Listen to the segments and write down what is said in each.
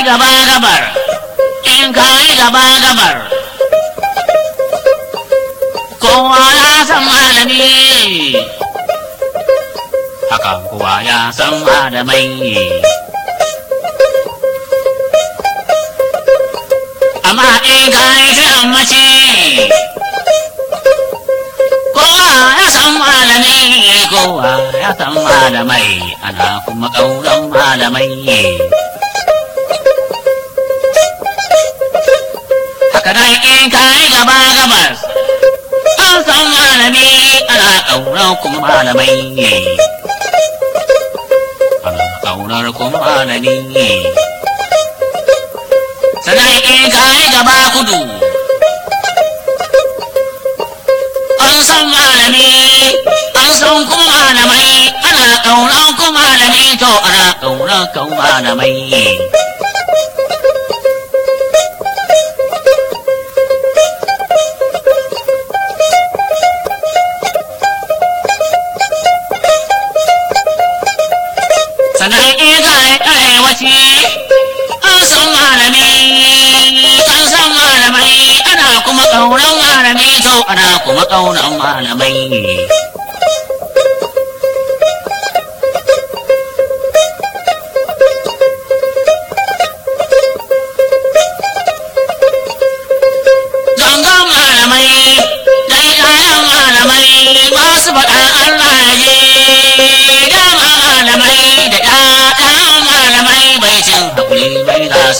yi gaba gabar in ka yi gaba gabar kowa ya san malami haka kowa ya san malamai amma in ka yi kiran mace kowa ya san malami kowa ya san malamai ana kuma ƙauran malamai kadan in ka yi gaba gabas an san malami ana auren kuma malamai ne ana auren kuma malami ne sadan in ka yi gaba kudu an san malami an san kuma malamai ana auren kuma malami to ana auren kuma malamai ne sadaki ga arewaci an san ana kuma ƙaunar malami to ana kuma ƙaunar malamai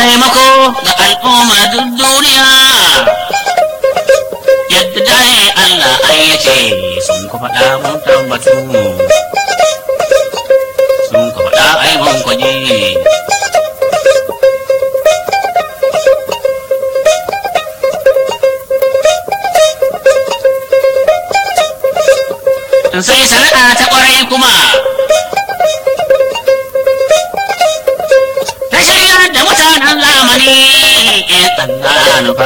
taimako ga al'umma duk duniya yadda jaye Allah ce sun ku mun tambatu sun ai mun kwaje sai ta ƙwarai kuma annanufa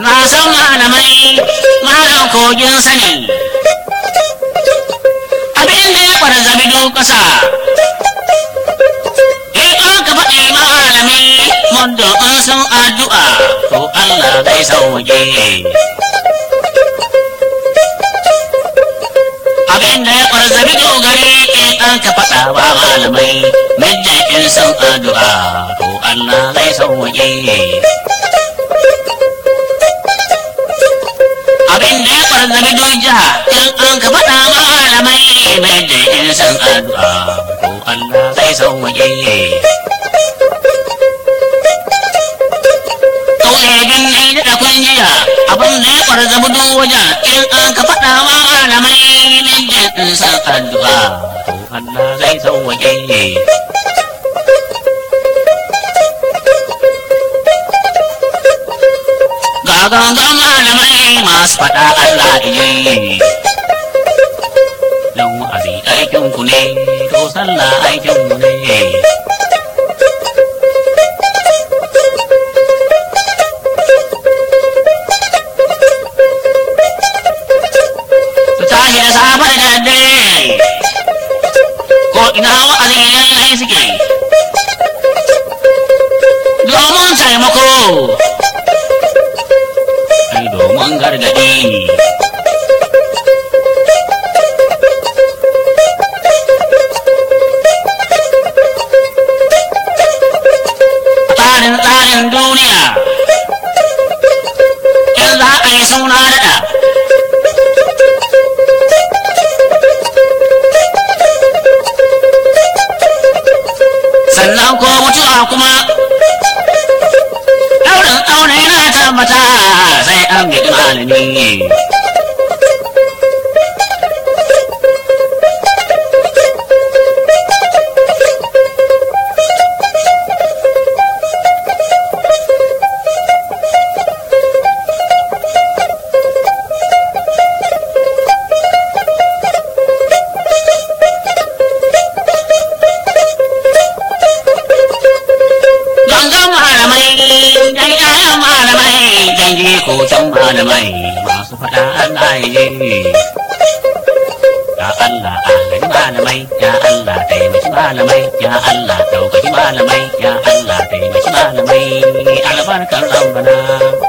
na san malamai malam kogin sani abin ya kwara zabi don kasa sun addu'a ko Allah zai abin da ya kwarzabi dogari in an ka faɗa wa malamai mijja in san addu'a ko Allah zai sauwaƙe abin da ya kwarzabi dojiha in an ka faɗa malamai mijja in san addu'a ko Allah zai sauwaƙe kofar zabdo wajen in an ka faɗa ma malamai ninja in san addu'a to Allah zai sauwaƙe ga gangan malamai masu faɗa Allah iyayi dan wa'azi aikin ku ne to sallah aikin ku ne siyasar duniya in za a yi suna daɗa sannan ko mutuwa kuma ɗaurin aure na tabbata sai an bi malami makotan malamai masu faɗa Allah ya je. Ya Allah agari malamai, ya Allah taimaki malamai, ya Allah ɗaukaki malamai, ya Allah taimaki malamai, albarkar rabbana.